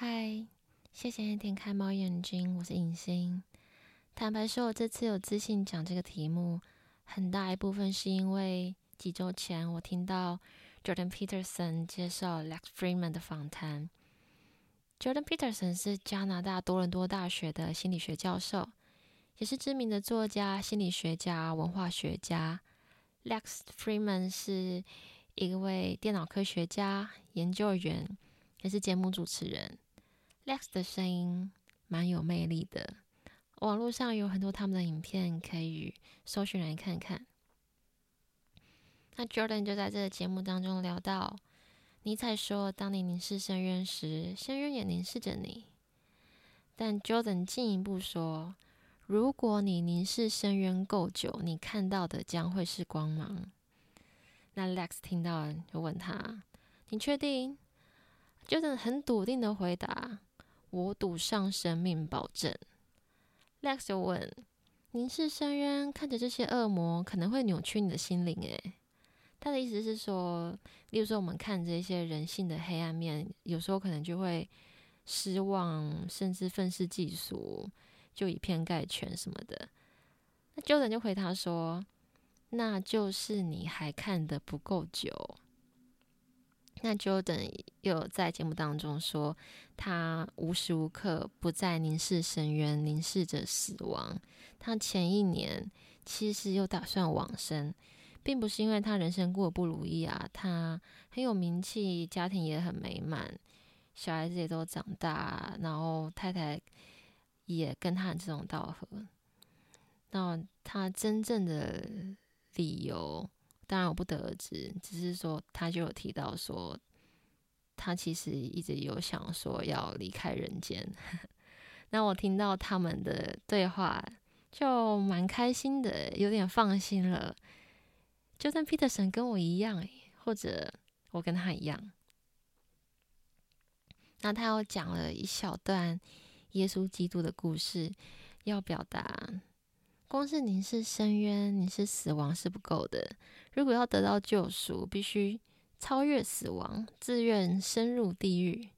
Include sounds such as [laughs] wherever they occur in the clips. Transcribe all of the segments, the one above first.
嗨，Hi, 謝謝你點開貓眼睛，我是影星。坦白說，我這次有自信講這個題目，很大一部分是因為幾周前我聽到 Jordan Peterson 接受 Lex Friedman 的訪談。Jordan Peterson 是加拿大多倫多大學的心理學教授，也是知名的作家、心理學家、文化學家。Lex Friedman 是一個位電腦科學家、研究員，也是節目主持人。Lex 的聲音蠻有魅力的，網絡上有很多他們的影片可以搜尋來看看。那 Jordan 就在這個節目當中聊到，尼采說：“當你凝視深淵時，深淵也凝視着你。”但 Jordan 進一步說：“如果你凝視深淵夠久，你看到的將會是光芒。”那 Lex 聽到了就問他：“你確定？”Jordan 很篤定的回答。我賭上生命，保證。Lex 就問：“凝視深淵，看着這些惡魔，可能會扭曲你的心靈。”誒，他的意思是說，例如說，我們看着一些人性的黑暗面，有時候可能就會失望，甚至憤世嫉俗，就以偏概全什麼的。那 Jordan 就回答說：“那就是你還看得不夠久。”那 Jordan 又在節目當中說，他無時無刻不在凝視深淵，凝視着死亡。他前一年其實又打算往生，並不是因為他人生過得不如意啊，他很有名氣，家庭也很美滿，小孩子也都長大，然後太太也跟他志同道合。那他真正的理由？當然我不得而知，只是說他就有提到說他其實一直有想說要離開人間。 [laughs] 那我聽到他們的對話就蠻開心的，有點放心了。就算 Peter 神跟我一樣，或者我跟他一樣，那他又講了一小段耶穌基督的故事，要表達光是你是深淵，你是死亡是不夠的。如果要得到救贖，必須超越死亡，自願深入地獄。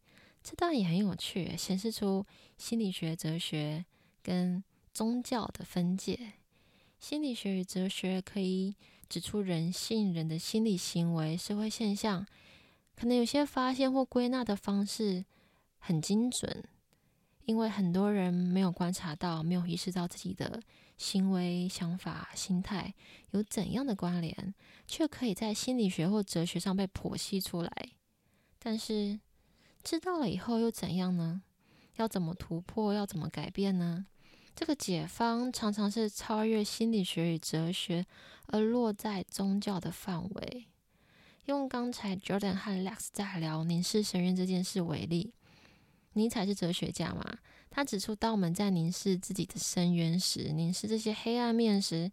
這段也很有趣，顯示出心理學、哲學跟宗教的分界。心理學與哲學可以指出人性、人的心理行為、社會現象，可能有些發現或歸納的方式很精準，因為很多人沒有觀察到，沒有意識到自己的。行為、想法、心態有怎樣的關聯，卻可以在心理學或哲學上被剖析出來。但是，知道了以後又怎樣呢？要怎麼突破？要怎麼改變呢？這個解方常常是超越心理學與哲學，而落在宗教的範圍。用剛才 Jordan 和 Lex 在聊“凝視深淵”這件事為例。尼采是哲學家嘛？他指出，當我們在凝視自己的深淵時，凝視這些黑暗面時，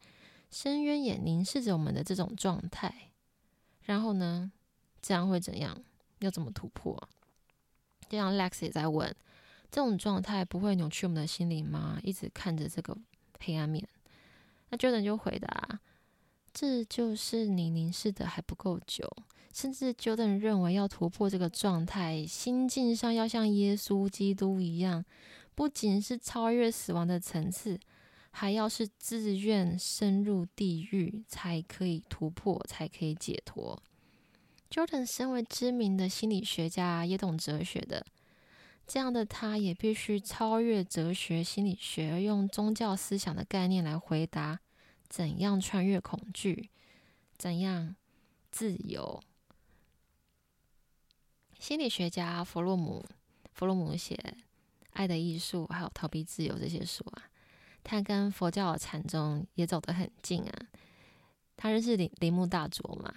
深淵也凝視着我們的這種狀態。然後呢，這樣會怎樣？要怎麼突破？就像 Lex 也在問，這種狀態不會扭曲我們的心靈嗎？一直看着這個黑暗面，那 Jordan、er、就回答：這就是你凝視的還不夠久。甚至 Jordan 認為，要突破這個狀態，心境上要像耶穌基督一樣，不僅是超越死亡的層次，還要是自願深入地獄才可以突破，才可以解脫。Jordan 身為知名的心理學家，也懂哲學的，這樣的他，也必須超越哲學心理學，用宗教思想的概念來回答：怎樣穿越恐懼？怎樣自由？心理學家弗洛姆，弗洛姆寫《愛的藝術》還有《逃避自由》這些書啊，他跟佛教的禪宗也走得很近啊。他認識鈴鈴木大拙嘛，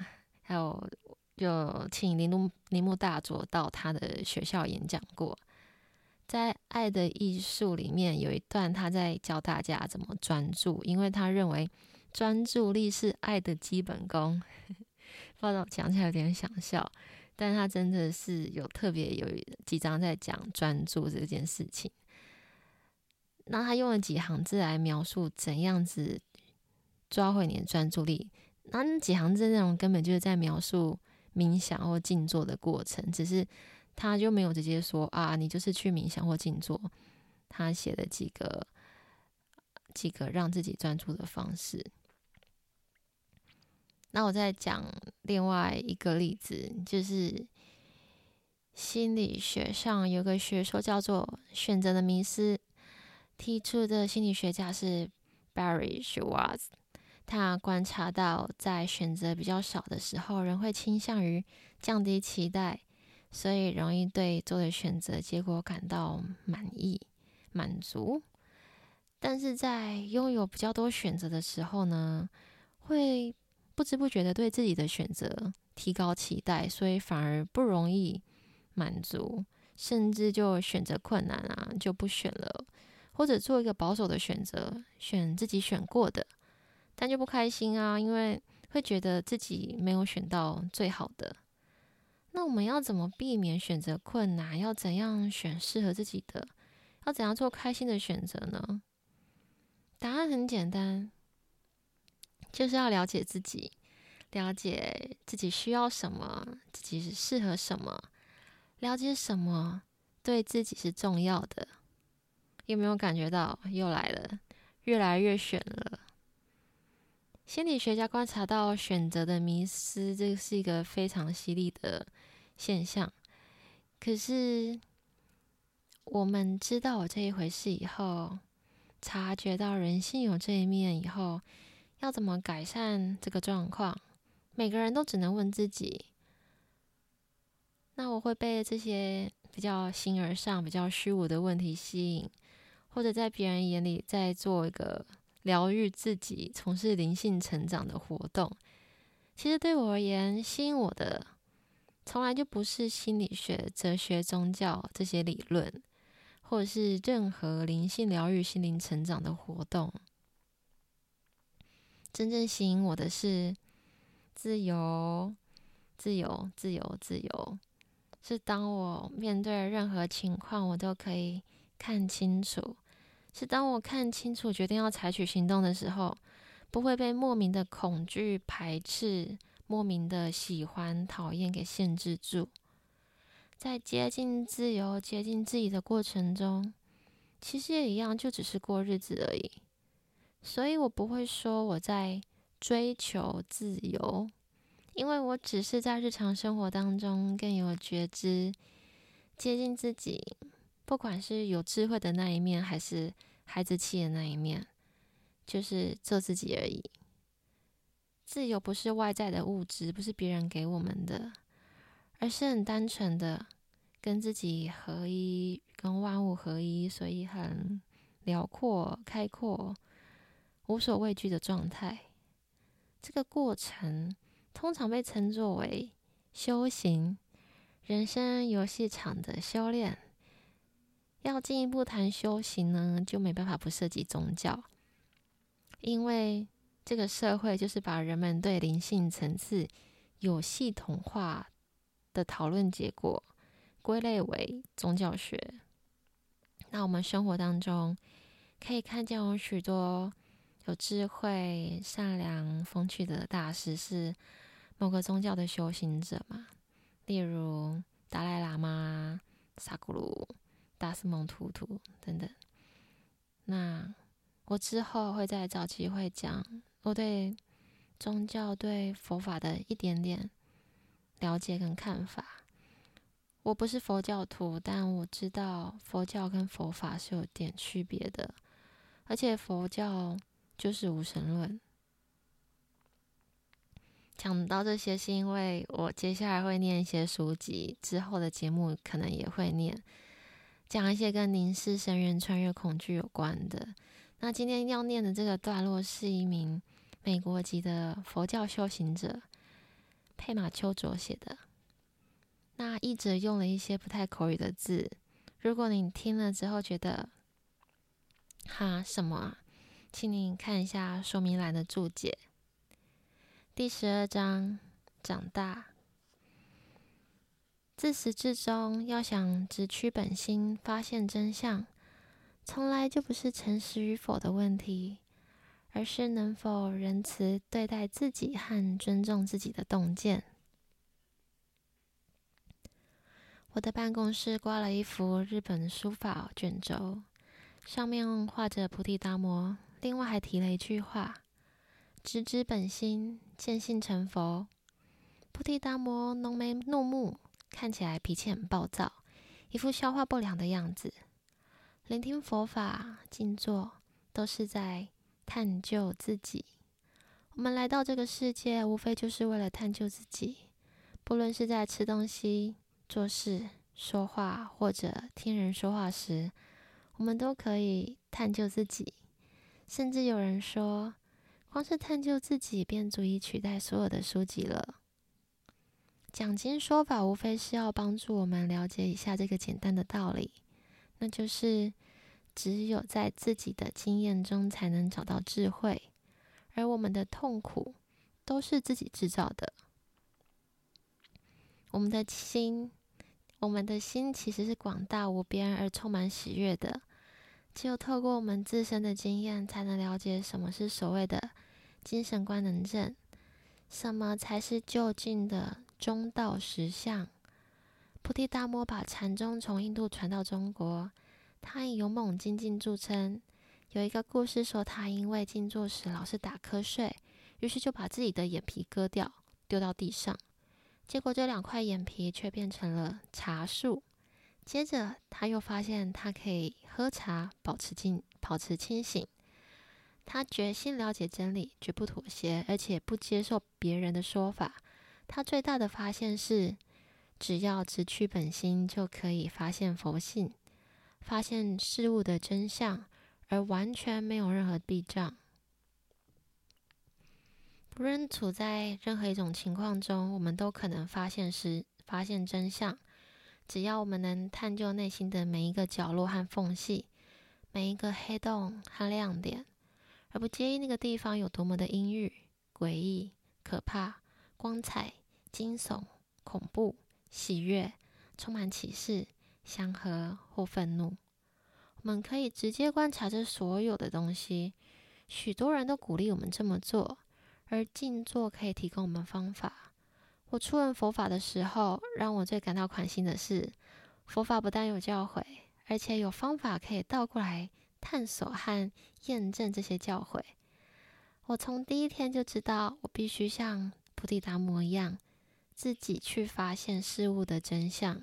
還有就請鈴木鈴木大拙到他的學校演講過。在《愛的藝術》裡面有一段他在教大家怎麼專注，因為他認為專注力是愛的基本功。呵呵，不知道講起來有點想笑。但是他真的是有特別有幾章在講專注這件事情，那他用了幾行字來描述怎樣子抓回你的專注力，那幾行字內容根本就是在描述冥想或靜坐的過程，只是他就沒有直接說啊，你就是去冥想或靜坐，他寫了幾個幾個讓自己專注的方式，那我在講。另外一個例子就是心理學上有個學說叫做“選擇的迷思”，提出的心理學家是 Barry Schwartz。他觀察到，在選擇比較少的時候，人會傾向於降低期待，所以容易對做的選擇結果感到滿意、滿足。但是在擁有比較多選擇的時候呢，會。不知不覺的對自己的選擇提高期待，所以反而不容易滿足，甚至就選擇困難啊，就不選了，或者做一個保守的選擇，選自己選過的，但就不開心啊，因為會覺得自己沒有選到最好的。那我們要怎麼避免選擇困難？要怎樣選適合自己的？要怎樣做開心的選擇呢？答案很簡單。就是要了解自己，了解自己需要什麼，自己是適合什麼，了解什麼對自己是重要的。有沒有感覺到又來了，越來越選了？心理學家觀察到選擇的迷思，這是一個非常犀利的現象。可是我們知道我這一回事以後，察覺到人性有這一面以後。要怎麼改善這個狀況？每個人都只能問自己。那我會被這些比較形而上、比較虛無的問題吸引，或者在別人眼裡在做一個療癒自己、從事靈性成長的活動。其實對我而言，吸引我的從來就不是心理學、哲學、宗教這些理論，或者是任何靈性療癒、心靈成長的活動。真正吸引我的是自由，自由，自由，自由。是當我面對任何情況，我都可以看清楚；是當我看清楚，決定要採取行動的時候，不會被莫名的恐懼、排斥、莫名的喜歡、討厭給限制住。在接近自由、接近自己的過程中，其實也一樣，就只是過日子而已。所以我不會說我在追求自由，因為我只是在日常生活當中更有覺知，接近自己，不管是有智慧的那一面，還是孩子氣的那一面，就是做自己而已。自由不是外在的物質，不是別人給我們的，而是很單純的跟自己合一，跟萬物合一，所以很遼闊、開闊。無所畏懼的狀態，這個過程通常被稱作為修行。人生遊戲場的修煉，要進一步談修行呢，就沒辦法不涉及宗教，因為這個社會就是把人們對靈性層次有系統化的討論結果歸類為宗教學。那我們生活當中可以看見有許多。有智慧、善良、風趣的大師是某個宗教的修行者嘛？例如達賴喇嘛、薩古魯、達斯蒙圖圖等等。那我之後會再找機會講我對宗教、 [noise] 對佛法的一點點了解跟看法。我不是佛教徒，但我知道佛教跟佛法是有點區別的，而且佛教。就是無神論。講到這些，是因為我接下來會念一些書籍，之後的節目可能也會念，講一些跟凝視深淵穿越恐懼有關的。那今天要念的這個段落，是一名美國籍的佛教修行者佩瑪丘卓寫的。那譯者用了一些不太口語的字，如果你聽了之後覺得“哈什麼啊”。請你看一下說明欄的注解。第十二章：長大。自始至終，要想直覷本心，發現真相，從來就不是誠實與否的問題，而是能否仁慈對待自己和尊重自己的洞見。我的辦公室掛了一幅日本書法卷軸，上面畫着菩提達摩。另外還提了一句話：“直指本心，見性成佛。”菩提達摩濃眉怒目，看起來脾氣很暴躁，一副消化不良的樣子。聆聽佛法、靜坐，都是在探究自己。我們來到這個世界，無非就是為了探究自己。不論是在吃東西、做事、說話，或者聽人說話時，我們都可以探究自己。甚至有人說，光是探究自己便足以取代所有的書籍了。講經說法無非是要幫助我們了解一下這個簡單的道理，那就是只有在自己的經驗中才能找到智慧，而我們的痛苦都是自己製造的。我們的心，我們的心其實是廣大無邊而充滿喜悅的。只有透過我們自身的經驗，才能了解什麼是所謂的精神官能症，什麼才是究竟的中道實相。菩提達摩把禪宗從印度傳到中國，他以勇猛精進著稱。有一個故事說，他因為靜坐時老是打瞌睡，於是就把自己的眼皮割掉，丟到地上。結果這兩塊眼皮却變成了茶樹。接着，他又發現他可以喝茶，保持靜，保持清醒。他決心了解真理，絕不妥協，而且不接受別人的說法。他最大的發現是，只要直覷本心，就可以發現佛性，發現事物的真相，而完全沒有任何蔽障。不論處在任何一種情況中，我們都可能發現實，發現真相。只要我們能探究內心的每一個角落和縫隙，每一個黑洞和亮點，而不介意那個地方有多麼的陰鬱、詭異、可怕、光彩、驚悚、恐怖、喜悅、充滿啟示、祥和或憤怒，我們可以直接觀察這所有的東西。許多人都鼓勵我們這麼做，而靜坐可以提供我們方法。我初聞佛法的時候，讓我最感到寬心的是，佛法不但有教誨，而且有方法可以倒過來探索和驗證這些教誨。我從第一天就知道，我必須像菩提達摩一樣，自己去發現事物的真相。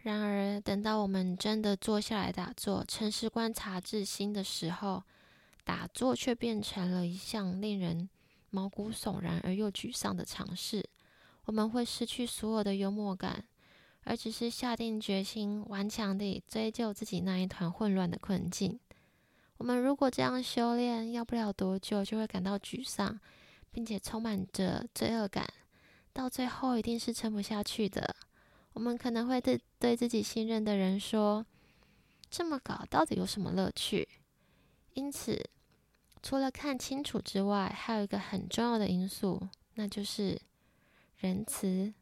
然而，等到我們真的坐下來打坐、誠實觀察自心的時候，打坐卻變成了一項令人……毛骨悚然而又沮喪的嘗試，我們會失去所有的幽默感，而只是下定決心頑強地追究自己那一團混亂的困境。我們如果這樣修煉，要不了多久就會感到沮喪，並且充滿着罪惡感，到最後一定是撐不下去的。我們可能會對對自己信任的人說：“這麼搞到底有什麼樂趣？”因此，除了看清楚之外，還有一個很重要的因素，那就是仁慈。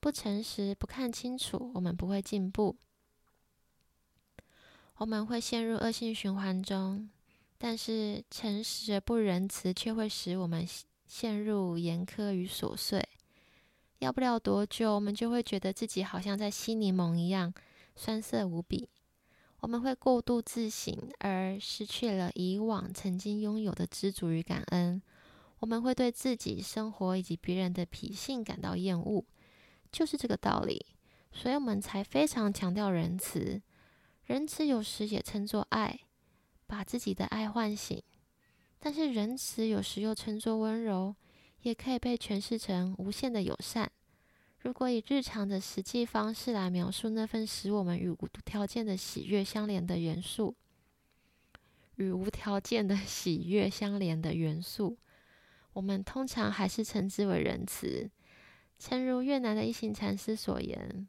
不誠實、不看清楚，我們不會進步，我們會陷入惡性循環中。但是，誠實而不仁慈，卻會使我們陷入嚴苛與瑣碎。要不了多久，我們就會覺得自己好像在吸檸檬一樣，酸澀無比。我們會過度自省，而失去了以往曾經擁有的知足與感恩。我們會對自己生活以及別人的脾性感到厭惡，就是這個道理。所以，我們才非常強調仁慈。仁慈有時也稱作愛，把自己的愛喚醒。但是，仁慈有時又稱作溫柔，也可以被詮釋成無限的友善。如果以日常的實際方式來描述那份使我們與無條件的喜悅相連的元素，與無條件的喜悅相連的元素，我們通常還是稱之為仁慈。誠如越南的一行禪師所言，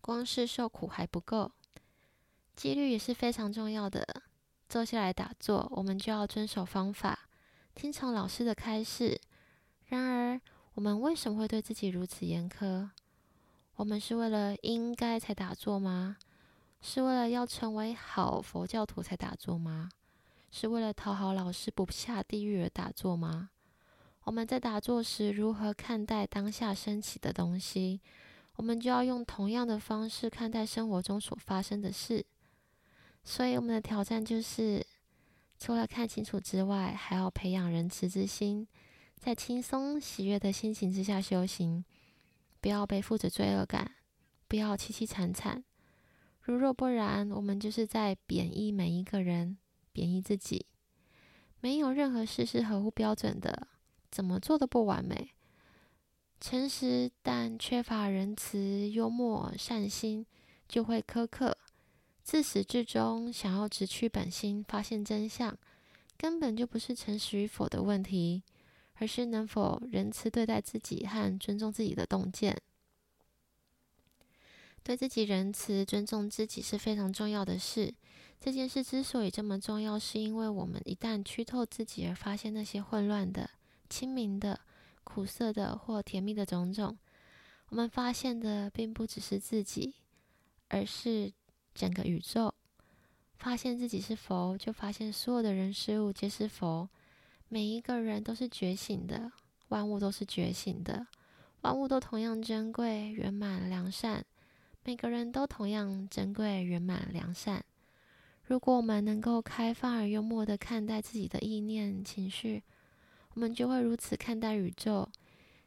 光是受苦還不夠，紀律也是非常重要的。坐下來打坐，我們就要遵守方法，聽從老師的開示。然而，我們為什麼會對自己如此嚴苛？我們是為了應該才打坐嗎？是為了要成為好佛教徒才打坐嗎？是為了討好老師不下地獄而打坐嗎？我們在打坐時如何看待當下升起的東西，我們就要用同樣的方式看待生活中所發生的事。所以我們的挑戰就是，除了看清楚之外，還要培養仁慈之心。在輕鬆喜悅的心情之下修行，不要背負着罪惡感，不要淒淒慘慘。如若不然，我們就是在貶抑每一個人，貶抑自己。沒有任何事是合乎標準的，怎麼做都不完美。誠實但缺乏仁慈、幽默、善心，就會苛刻。自始至終想要直覷本心，發現真相，根本就不是誠實與否的問題。而是能否仁慈對待自己和尊重自己的洞見。對自己仁慈、尊重自己是非常重要的事。這件事之所以這麼重要，是因為我們一旦覷透自己，而發現那些混亂的、清明的、苦澀的或甜蜜的種種，我們發現的並不只是自己，而是整個宇宙。發現自己是佛，就發現所有的人事物皆是佛。每一個人都是覺醒的，萬物都是覺醒的，萬物都同樣珍貴、圓滿、良善。每個人都同樣珍貴、圓滿、良善。如果我們能夠開放而幽默地看待自己的意念、情緒，我們就會如此看待宇宙。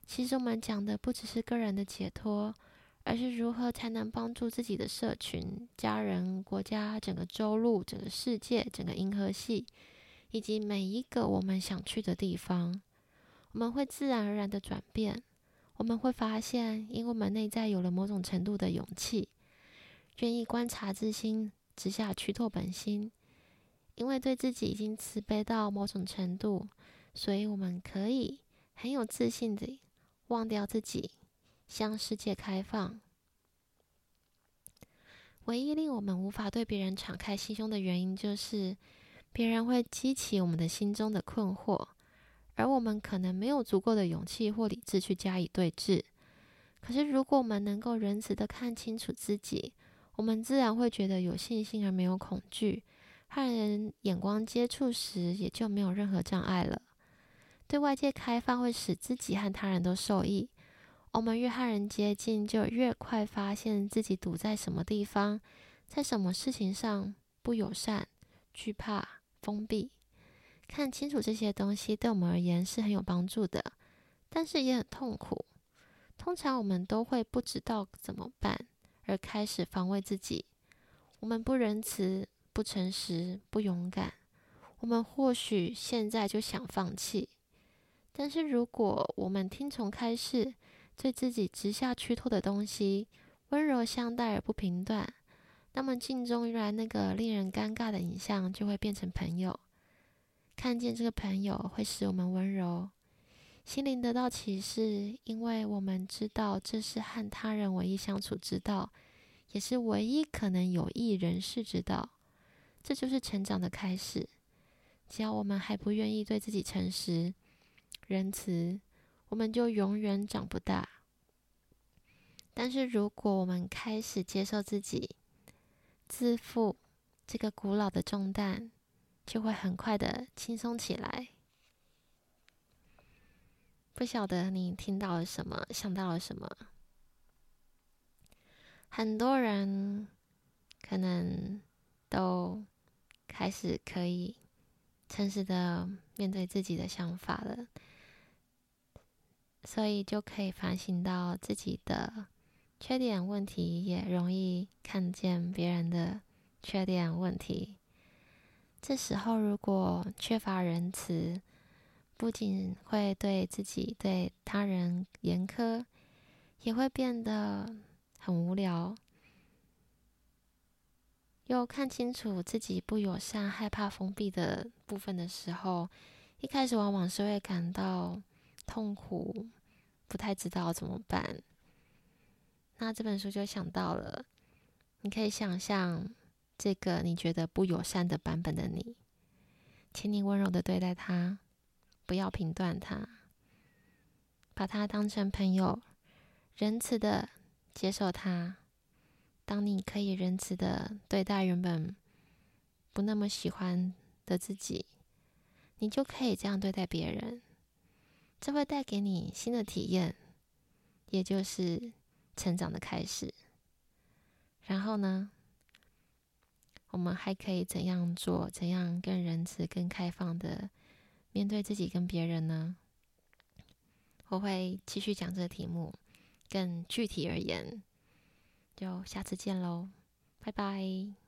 其實我們講的不只是個人的解脫，而是如何才能幫助自己的社群、家人、國家、整個洲陸、整個世界、整個銀河系。以及每一個我們想去的地方，我們會自然而然的轉變。我們會發現，因為我們內在有了某種程度的勇氣，願意觀察自心，直下覷透本心，因為對自己已經慈悲到某種程度，所以我們可以很有自信的忘掉自己，向世界開放。唯一令我們無法對別人敞開心胸的原因，就是。別人會激起我們的心中的困惑，而我們可能沒有足夠的勇氣或理智去加以對峙。可是，如果我們能夠仁慈的看清楚自己，我們自然會覺得有信心而沒有恐懼。和人眼光接觸時，也就沒有任何障礙了。對外界開放會使自己和他人都受益。我們越和人接近，就越快發現自己堵在什麼地方，在什麼事情上不友善、懼怕。封閉。看清楚這些東西對我們而言是很有幫助的，但是也很痛苦。通常我們都會不知道怎麼辦，而開始防衛自己。我們不仁慈、不誠實、不勇敢。我們或許現在就想放棄，但是如果我們聽從開示，對自己直下覷透的東西溫柔相待而不評斷。那麼鏡中原來那個令人尷尬的影像就會變成朋友。看見這個朋友會使我們溫柔，心靈得到啟示，因為我們知道這是和他人唯一相處之道，也是唯一可能有益人世之道。這就是成長的開始。只要我們還不願意對自己誠實、仁慈，我們就永遠長不大。但是如果我們開始接受自己，自負這個古老的重擔就會很快的輕鬆起來。不曉得你聽到了什麼，想到了什麼？很多人可能都開始可以誠實的面對自己的想法了，所以就可以反省到自己的。缺點問題也容易看見別人的缺點問題。這時候如果缺乏仁慈，不僅會對自己、對他人嚴苛，也會變得很無聊。又看清楚自己不友善、害怕封閉的部分的時候，一開始往往是會感到痛苦，不太知道怎麼辦。那這本書就想到了，你可以想象這個你覺得不友善的版本的你，請你溫柔的對待他，不要評斷他，把他當成朋友，仁慈的接受他。當你可以仁慈的對待原本不那麼喜歡的自己，你就可以這樣對待別人，這會帶給你新的體驗，也就是。成長的開始，然後呢？我們還可以怎樣做？怎樣更仁慈、更開放的面對自己跟別人呢？我會繼續講這個題目。更具體而言，就下次見嘍，拜拜。